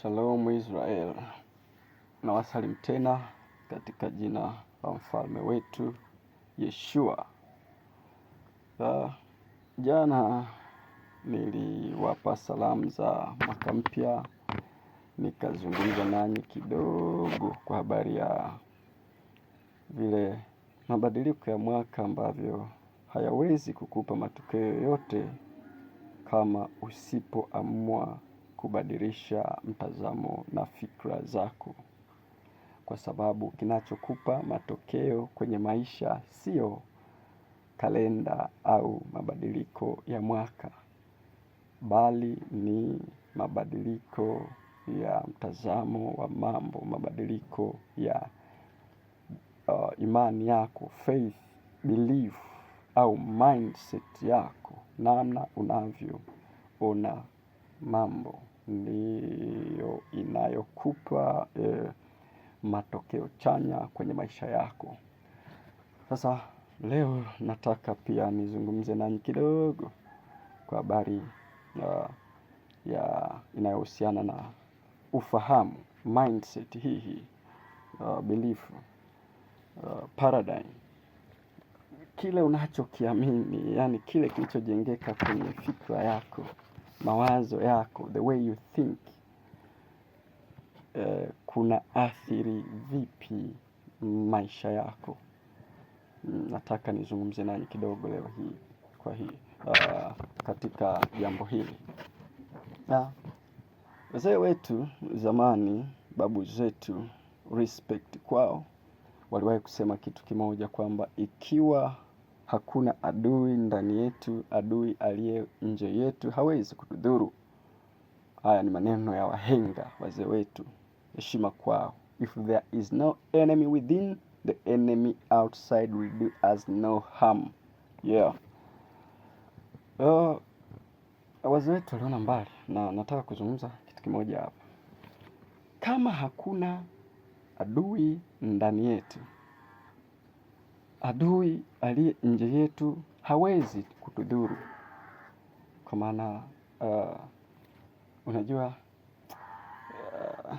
Shalom Israel, na wasalimu tena katika jina la mfalme wetu Yeshua. Uh, jana niliwapa salamu za mwaka mpya, nikazungumza nanyi kidogo kwa habari ya vile mabadiliko ya mwaka ambavyo hayawezi kukupa matokeo yoyote kama usipoamua kubadilisha mtazamo na fikra zako. Kwa sababu kinachokupa matokeo kwenye maisha sio kalenda au mabadiliko ya mwaka. Bali ni mabadiliko ya mtazamo wa mambo, mabadiliko ya uh, imani yako, faith, belief au mindset yako. Namna unavyoona mambo ndiyo inayokupa e, matokeo chanya kwenye maisha yako. Sasa leo nataka pia nizungumze nanyi kidogo kwa habari ya, ah, ya inayohusiana na ufahamu mindset hii hii uh, belief uh, paradigm, kile unachokiamini, yani kile kilichojengeka kwenye fikra yako mawazo yako, the way you think uh, kuna athiri vipi maisha yako? Mm, nataka nizungumze nanyi kidogo leo hii kwa hii uh, katika jambo hili na wazee wetu zamani, babu zetu, respect kwao, waliwahi kusema kitu kimoja kwamba ikiwa Hakuna adui ndani yetu, adui aliye nje yetu hawezi kutudhuru. Haya ni maneno ya wahenga wazee wetu, heshima kwao. If there is no enemy within, the enemy outside will do us no harm. Yeah. Uh, wazee wetu waliona mbali, na nataka kuzungumza kitu kimoja hapa. Kama hakuna adui ndani yetu adui aliye nje yetu hawezi kutudhuru, kwa maana uh, unajua uh,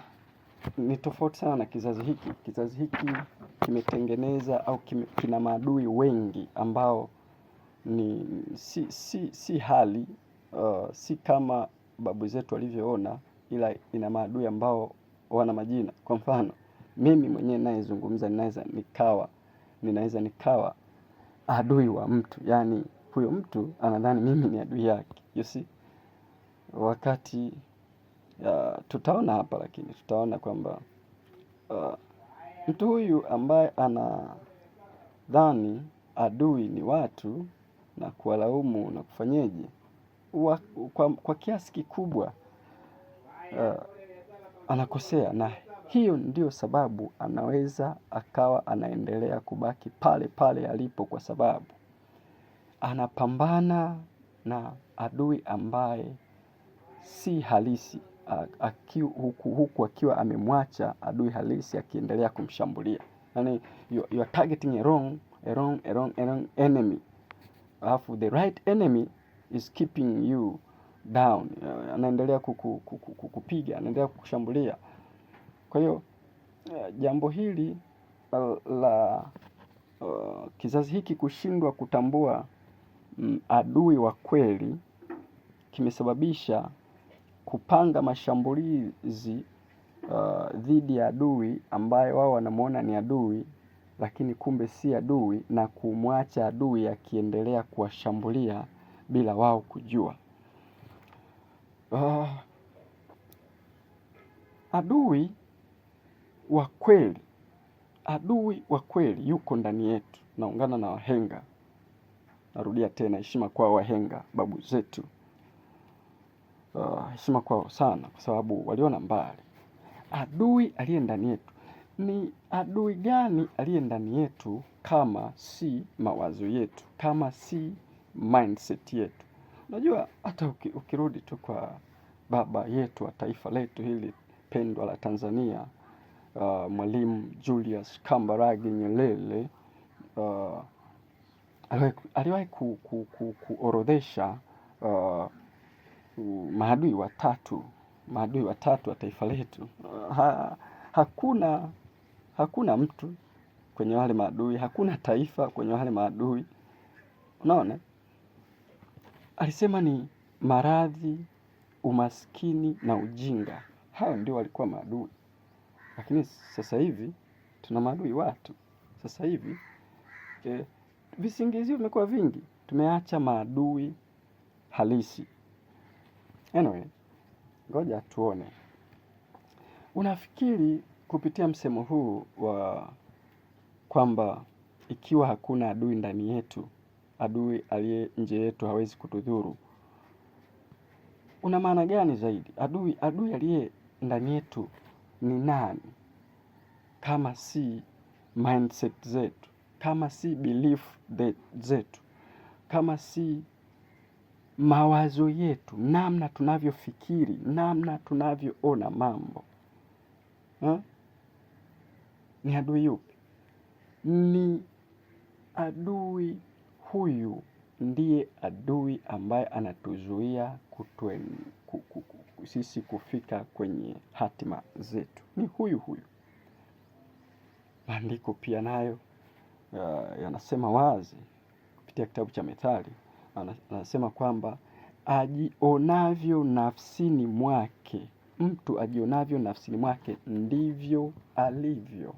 ni tofauti sana na kizazi hiki. Kizazi hiki kimetengeneza au kime, kina maadui wengi ambao ni si, si, si hali uh, si kama babu zetu walivyoona, ila ina maadui ambao wana majina. Kwa mfano mimi mwenyewe ninayezungumza ninaweza nikawa ninaweza nikawa adui wa mtu, yani huyo mtu anadhani mimi ni adui yake, you see? Wakati uh, tutaona hapa, lakini tutaona kwamba uh, mtu huyu ambaye anadhani adui ni watu na kuwalaumu na kufanyeje wa, kwa, kwa kiasi kikubwa uh, anakosea naye. Hiyo ndiyo sababu anaweza akawa anaendelea kubaki pale pale alipo kwa sababu anapambana na adui ambaye si halisi aki, huku, huku akiwa amemwacha adui halisi akiendelea kumshambulia. Yani, you, you are targeting a wrong, a wrong, a wrong, a wrong enemy. Alafu the right enemy is keeping you down. Anaendelea kukupiga, anaendelea kukushambulia. Kwa hiyo eh, jambo hili la uh, kizazi hiki kushindwa kutambua mm, adui wa kweli kimesababisha kupanga mashambulizi uh, dhidi ya adui ambaye wao wanamwona ni adui, lakini kumbe si adui, na kumwacha adui akiendelea kuwashambulia bila wao kujua. Uh, adui wa kweli, adui wa kweli yuko ndani yetu. Naungana na wahenga, narudia tena, heshima kwa wahenga, babu zetu. Uh, heshima kwao sana, kwa sababu waliona mbali. Adui aliye ndani yetu ni adui gani? Aliye ndani yetu kama si mawazo yetu, kama si mindset yetu. Unajua, hata ukirudi tu kwa baba yetu wa taifa letu hili pendwa la Tanzania uh, Mwalimu Julius Kambarage Nyerere uh, aliwahi ku, ku, ku, kuorodhesha uh, maadui watatu maadui watatu wa taifa letu. Uh, ha, hakuna hakuna mtu kwenye wale maadui, hakuna taifa kwenye wale maadui. Unaona, alisema ni maradhi, umaskini na ujinga. Hayo ndio walikuwa maadui. Lakini sasa hivi tuna maadui watu. Sasa hivi e, visingizio vimekuwa vingi, tumeacha maadui halisi. Anyway, ngoja tuone, unafikiri kupitia msemo huu wa kwamba ikiwa hakuna adui ndani yetu, adui aliye nje yetu hawezi kutudhuru, una maana gani zaidi? Adui adui aliye ndani yetu ni nani kama si mindset zetu, kama si belief zetu, kama si mawazo yetu, namna tunavyofikiri, namna tunavyoona mambo ha? Eh? Ni adui yupi? Ni adui huyu, ndiye adui ambaye anatuzuia kutwen, sisi kufika kwenye hatima zetu ni huyu huyu. Maandiko pia nayo uh, yanasema wazi kupitia kitabu cha Methali, anasema kwamba ajionavyo nafsini mwake mtu ajionavyo nafsini mwake ndivyo alivyo.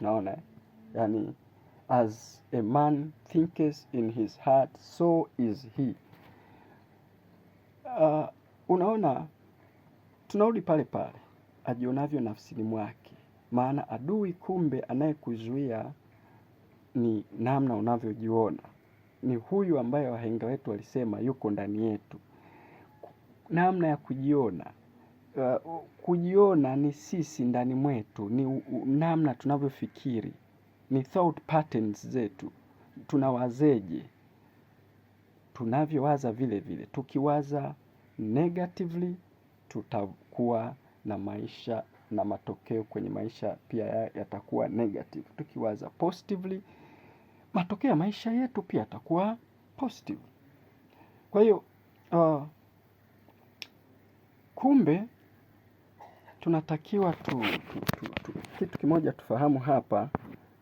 Naona yani, as a man thinketh in his heart so is he. Uh, unaona Tunarudi pale pale, ajionavyo nafsini mwake, maana adui kumbe anayekuzuia ni namna unavyojiona. Ni huyu ambaye wahenga wetu walisema yuko ndani yetu, namna ya kujiona. Uh, kujiona ni sisi ndani mwetu, ni uh, namna tunavyofikiri, ni thought patterns zetu, tunawazeje, tunavyowaza vile vile, tukiwaza negatively tutakuwa na maisha na matokeo kwenye maisha pia yatakuwa negative. Tukiwaza positively, matokeo ya maisha yetu pia yatakuwa positive. Kwa hiyo, uh, kumbe tunatakiwa tu, tu, tu, tu, kitu kimoja tufahamu hapa,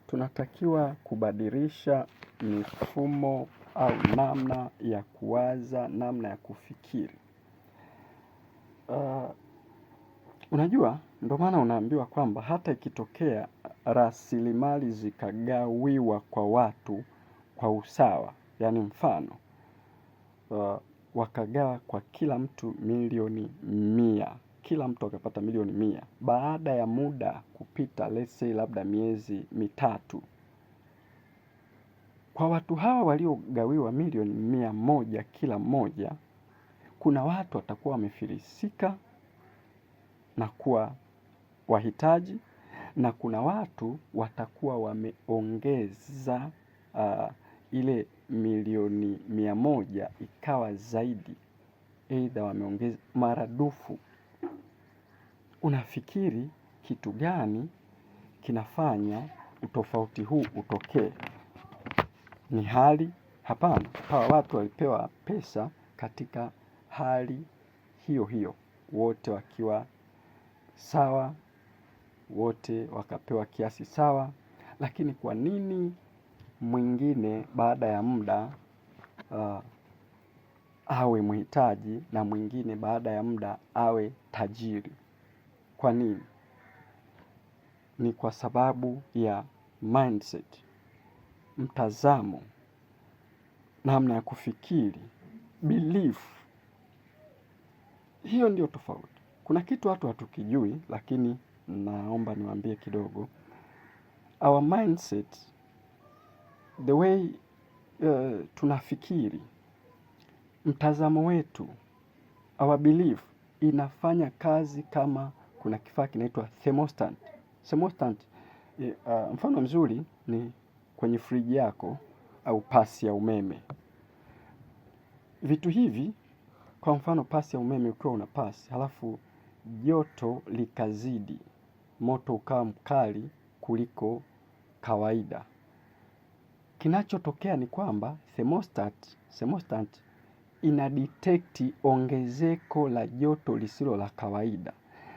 tunatakiwa kubadilisha mifumo au namna ya kuwaza, namna ya kufikiri. Uh, unajua, ndo maana unaambiwa kwamba hata ikitokea rasilimali zikagawiwa kwa watu kwa usawa, yaani mfano, uh, wakagawa kwa kila mtu milioni mia, kila mtu akapata milioni mia. Baada ya muda kupita, let's say labda miezi mitatu, kwa watu hawa waliogawiwa milioni mia moja kila mmoja, kuna watu watakuwa wamefilisika na kuwa wahitaji, na kuna watu watakuwa wameongeza uh, ile milioni mia moja ikawa zaidi, aidha wameongeza maradufu. Unafikiri kitu gani kinafanya utofauti huu utokee? Ni hali? Hapana, hawa watu walipewa pesa katika hali hiyo hiyo, wote wakiwa sawa, wote wakapewa kiasi sawa. Lakini kwa nini mwingine baada ya muda uh, awe mhitaji na mwingine baada ya muda awe tajiri? Kwa nini? Ni kwa sababu ya mindset, mtazamo, namna ya kufikiri, belief hiyo ndio tofauti. Kuna kitu watu hatukijui, lakini naomba niwaambie kidogo. Our mindset, the way uh, tunafikiri, mtazamo wetu, our belief inafanya kazi kama kuna kifaa kinaitwa thermostat. Thermostat uh, mfano mzuri ni kwenye friji yako au pasi ya umeme. Vitu hivi kwa mfano pasi ya umeme ukiwa una pasi, halafu joto likazidi, moto ukawa mkali kuliko kawaida. Kinachotokea ni kwamba thermostat, thermostat inadetekti ongezeko la joto lisilo la kawaida,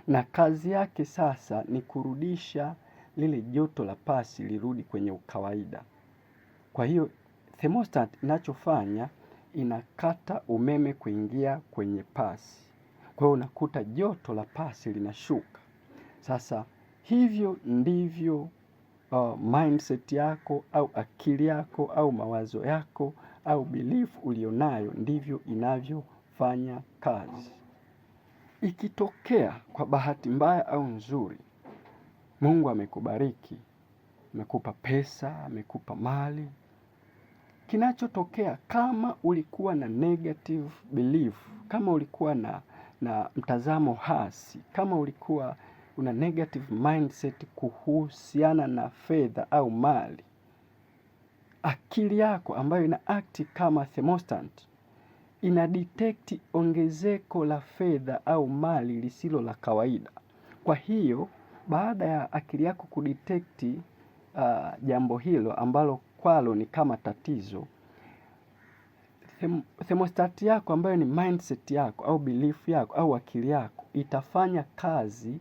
na kazi yake sasa ni kurudisha lile joto la pasi lirudi kwenye ukawaida. Kwa hiyo thermostat inachofanya inakata umeme kuingia kwenye pasi. Kwa hiyo unakuta joto la pasi linashuka. Sasa hivyo ndivyo uh, mindset yako au akili yako au mawazo yako au belief ulionayo ndivyo inavyofanya kazi. Ikitokea kwa bahati mbaya au nzuri, Mungu amekubariki, amekupa pesa, amekupa mali kinachotokea kama ulikuwa na negative belief, kama ulikuwa na, na mtazamo hasi, kama ulikuwa una negative mindset kuhusiana na fedha au mali, akili yako ambayo ina act kama thermostat ina detect ongezeko la fedha au mali lisilo la kawaida. Kwa hiyo baada ya akili yako kudetect uh, jambo hilo ambalo kwalo ni kama tatizo, thermostat yako ambayo ni mindset yako au belief yako au akili yako itafanya kazi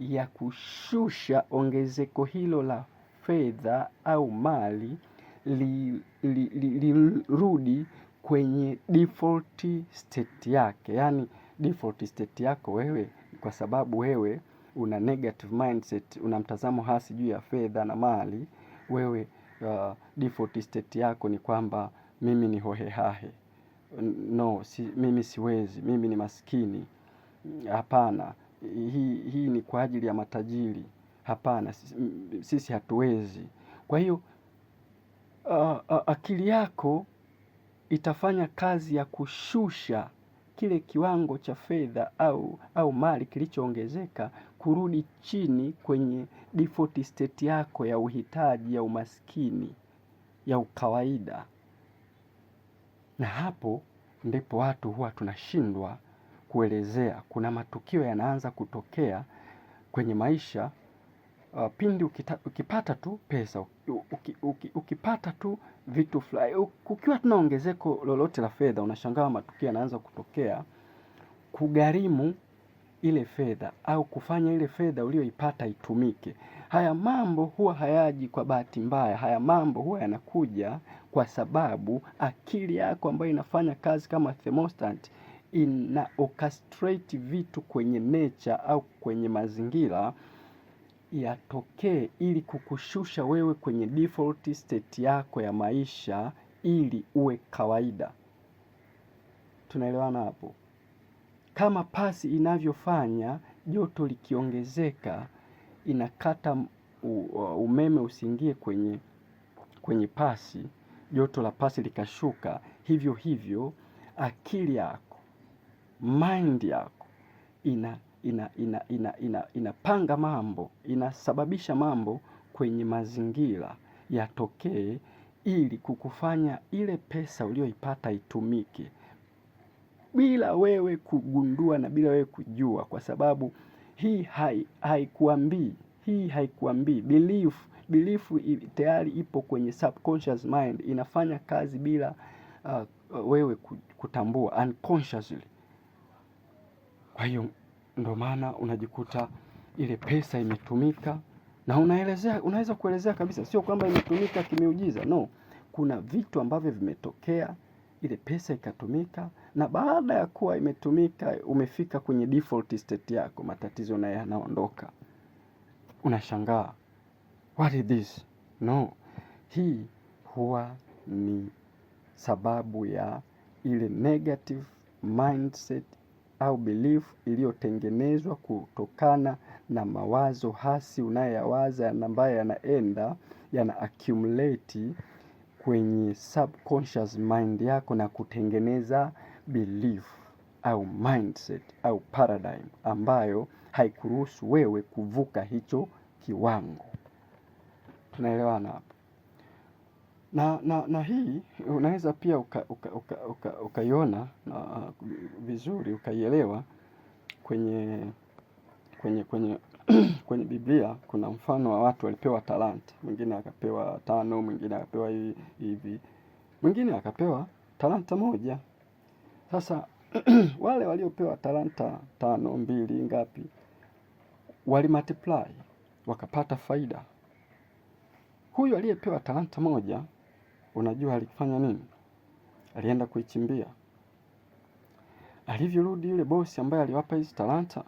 ya kushusha ongezeko hilo la fedha au mali lirudi li, li, li, kwenye default state yake, yaani default state yako wewe, kwa sababu wewe una negative mindset, una mtazamo hasi juu ya fedha na mali wewe uh, default state yako ni kwamba mimi ni hohehahe, no si, mimi siwezi, mimi ni maskini, hapana, hii hii ni kwa ajili ya matajiri, hapana, sisi, sisi hatuwezi. Kwa hiyo uh, uh, akili yako itafanya kazi ya kushusha kile kiwango cha fedha au, au mali kilichoongezeka kurudi chini kwenye default state yako ya uhitaji ya umaskini ya ukawaida, na hapo ndipo watu huwa tunashindwa kuelezea. Kuna matukio yanaanza kutokea kwenye maisha uh, pindi ukita, ukipata tu pesa uki, uki, ukipata tu vitu fulani, kukiwa tuna ongezeko lolote la fedha, unashangaa matukio yanaanza kutokea kugharimu ile fedha au kufanya ile fedha uliyoipata itumike. Haya mambo huwa hayaji kwa bahati mbaya. Haya mambo huwa yanakuja kwa sababu akili yako ambayo inafanya kazi kama thermostat ina orchestrate vitu kwenye nature au kwenye mazingira yatokee ili kukushusha wewe kwenye default state yako ya maisha ili uwe kawaida. Tunaelewana hapo? Kama pasi inavyofanya joto likiongezeka inakata umeme usiingie kwenye kwenye pasi, joto la pasi likashuka. Hivyo hivyo akili yako, mind yako ina ina ina ina ina inapanga mambo, inasababisha mambo kwenye mazingira yatokee ili kukufanya ile pesa uliyoipata itumike bila wewe kugundua na bila wewe kujua, kwa sababu hii haikuambii, hii haikuambii. Belief, belief tayari ipo kwenye subconscious mind, inafanya kazi bila uh, wewe kutambua unconsciously. Kwa hiyo ndo maana unajikuta ile pesa imetumika na unaelezea, unaweza kuelezea kabisa, sio kwamba imetumika kimeujiza, no, kuna vitu ambavyo vimetokea ile pesa ikatumika, na baada ya kuwa imetumika, umefika kwenye default state yako, matatizo naye yanaondoka. Unashangaa, what is this? No, hii huwa ni sababu ya ile negative mindset au belief iliyotengenezwa kutokana na mawazo hasi unayoyawaza na ambayo yanaenda yana accumulate kwenye subconscious mind yako na kutengeneza belief au mindset au paradigm ambayo haikuruhusu wewe kuvuka hicho kiwango. Tunaelewana hapo? Na, na, na hii unaweza pia ukaiona uka, uka, uka, uka vizuri ukaielewa kwenye, kwenye, kwenye kwenye Biblia kuna mfano wa watu walipewa talanta, mwingine akapewa tano, mwingine akapewa hivi, mwingine akapewa talanta moja. Sasa wale waliopewa talanta tano, mbili, ngapi, multiply wakapata faida. Huyu aliyepewa talanta moja, unajua alifanya nini? Alienda kuichimbia. Alivyorudi yule bosi ambaye aliwapa hizi talanta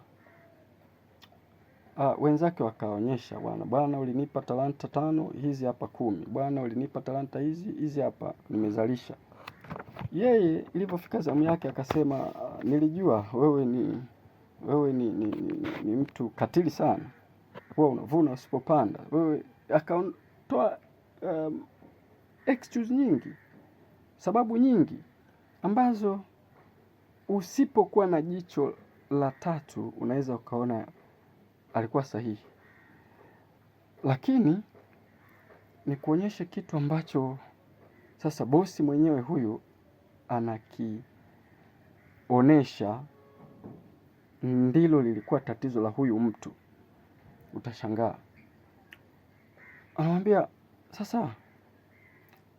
Ah, wenzake wakaonyesha bwana, bwana ulinipa talanta tano, hizi hapa kumi, bwana ulinipa talanta hizi hizi hapa nimezalisha. Yeye ilipofika zamu yake akasema, ah, nilijua wewe ni wewe ni, ni, ni, ni mtu katili sana, wewe unavuna usipopanda wewe. Akatoa um, excuse nyingi, sababu nyingi ambazo usipokuwa na jicho la tatu unaweza ukaona alikuwa sahihi, lakini ni kuonyesha kitu ambacho sasa bosi mwenyewe huyu anakionesha ndilo lilikuwa tatizo la huyu mtu. Utashangaa, anamwambia sasa,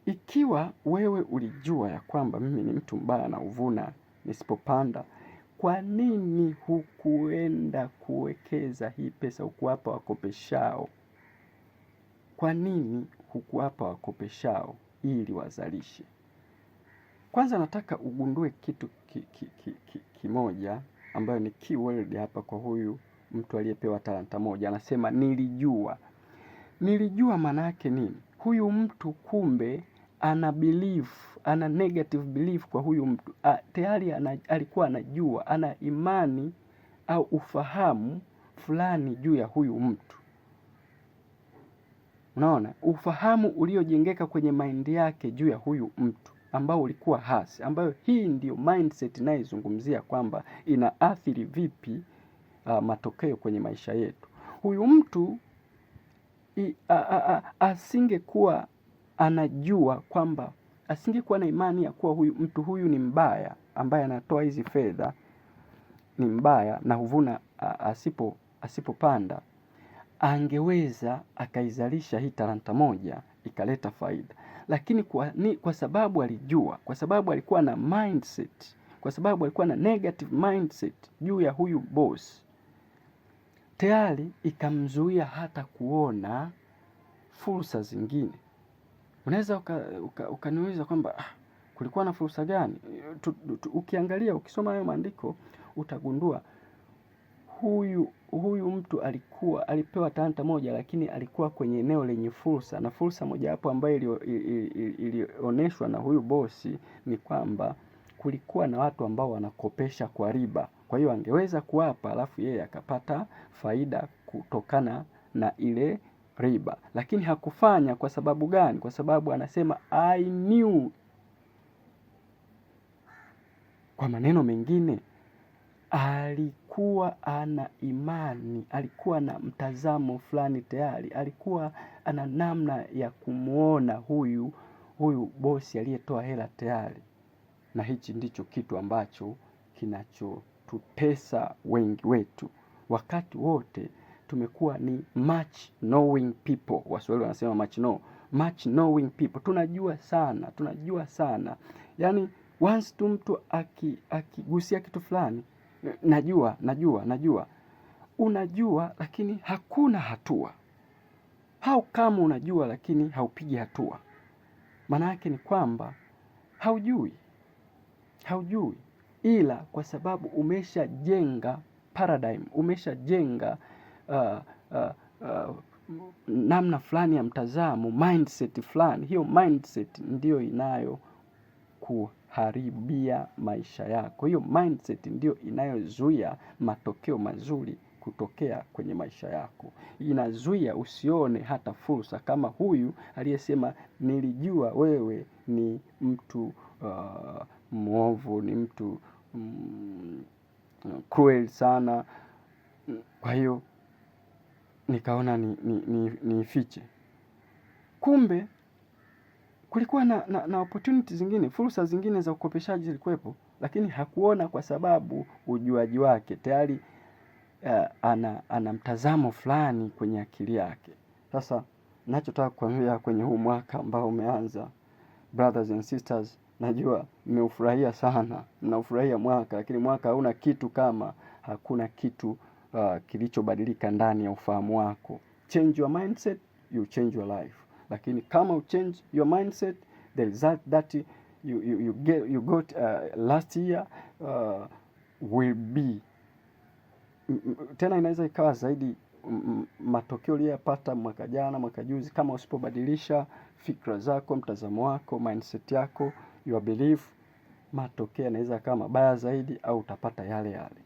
ikiwa wewe ulijua ya kwamba mimi ni mtu mbaya na uvuna nisipopanda kwa nini hukuenda kuwekeza hii pesa hukuwapa wakopeshao? Kwa nini hukuwapa wakopeshao ili wazalishe? Kwanza nataka ugundue kitu ki, ki, ki, ki, kimoja ambayo ni keyword hapa kwa huyu mtu aliyepewa talanta moja. Anasema nilijua. Nilijua maana yake nini? Huyu mtu kumbe ana belief, ana negative belief kwa huyu mtu A, tayari ana, alikuwa anajua ana imani au ufahamu fulani juu ya huyu mtu. Unaona, ufahamu uliojengeka kwenye mind yake juu ya huyu mtu ambao ulikuwa hasi, ambayo hii ndiyo mindset inayozungumzia kwamba inaathiri vipi uh, matokeo kwenye maisha yetu. Huyu mtu asingekuwa anajua kwamba asingekuwa na imani ya kuwa huyu, mtu huyu ni mbaya ambaye anatoa hizi fedha ni mbaya na huvuna asipo asipopanda, angeweza akaizalisha hii talanta moja ikaleta faida. Lakini kwa, ni, kwa sababu alijua, kwa sababu alikuwa na mindset, kwa sababu alikuwa na negative mindset juu ya huyu boss, tayari ikamzuia hata kuona fursa zingine unaweza ukaniuliza uka, uka kwamba ah, kulikuwa na fursa gani? tu, tu, ukiangalia ukisoma hayo maandiko utagundua huyu huyu mtu alikuwa alipewa talanta moja, lakini alikuwa kwenye eneo lenye fursa, na fursa mojawapo ambayo ilioneshwa na huyu bosi ni kwamba kulikuwa na watu ambao wanakopesha kwa riba. Kwa hiyo angeweza kuwapa, alafu yeye akapata faida kutokana na ile riba, lakini hakufanya. Kwa sababu gani? Kwa sababu anasema I knew. Kwa maneno mengine, alikuwa ana imani, alikuwa na mtazamo fulani tayari, alikuwa ana namna ya kumwona huyu huyu bosi aliyetoa hela tayari. Na hichi ndicho kitu ambacho kinachotutesa wengi wetu wakati wote tumekuwa ni much knowing people. Waswahili wanasema much know, much knowing people. Tunajua sana, tunajua sana yani, once tu mtu akigusia kitu fulani, najua najua najua, unajua lakini hakuna hatua au kama unajua lakini haupigi hatua, maana yake ni kwamba haujui, haujui, ila kwa sababu umeshajenga paradigm, umeshajenga uh, uh, uh, namna fulani ya mtazamo, mindset fulani. Hiyo mindset ndiyo inayo kuharibia maisha yako. Hiyo mindset ndiyo inayozuia matokeo mazuri kutokea kwenye maisha yako, inazuia usione hata fursa, kama huyu aliyesema nilijua wewe ni mtu uh, mwovu, ni mtu um, cruel sana, kwa hiyo nikaona niifiche. Kumbe kulikuwa na, na, na opportunity zingine, fursa zingine za ukopeshaji zilikuwepo, lakini hakuona kwa sababu ujuaji wake tayari uh, ana, ana mtazamo fulani kwenye akili yake. Sasa nachotaka kuambia kwenye huu mwaka ambao umeanza, brothers and sisters, najua mmeufurahia sana, mnaufurahia mwaka, lakini mwaka hauna kitu kama hakuna kitu uh, kilichobadilika ndani ya ufahamu wako. Change your mindset, you change your life. Lakini kama you change your mindset, the result that you, you, you, get, you got uh, last year uh, will be tena inaweza ikawa zaidi matokeo uliyoyapata mwaka jana, mwaka juzi, kama usipobadilisha fikra zako, mtazamo wako, mindset yako, your belief, matokeo yanaweza kama mabaya zaidi, au utapata yale yale.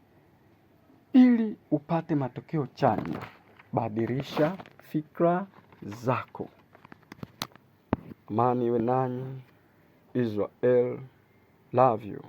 Ili upate matokeo chanya, badilisha fikra zako. Amani iwe nanyi. Israel, love you.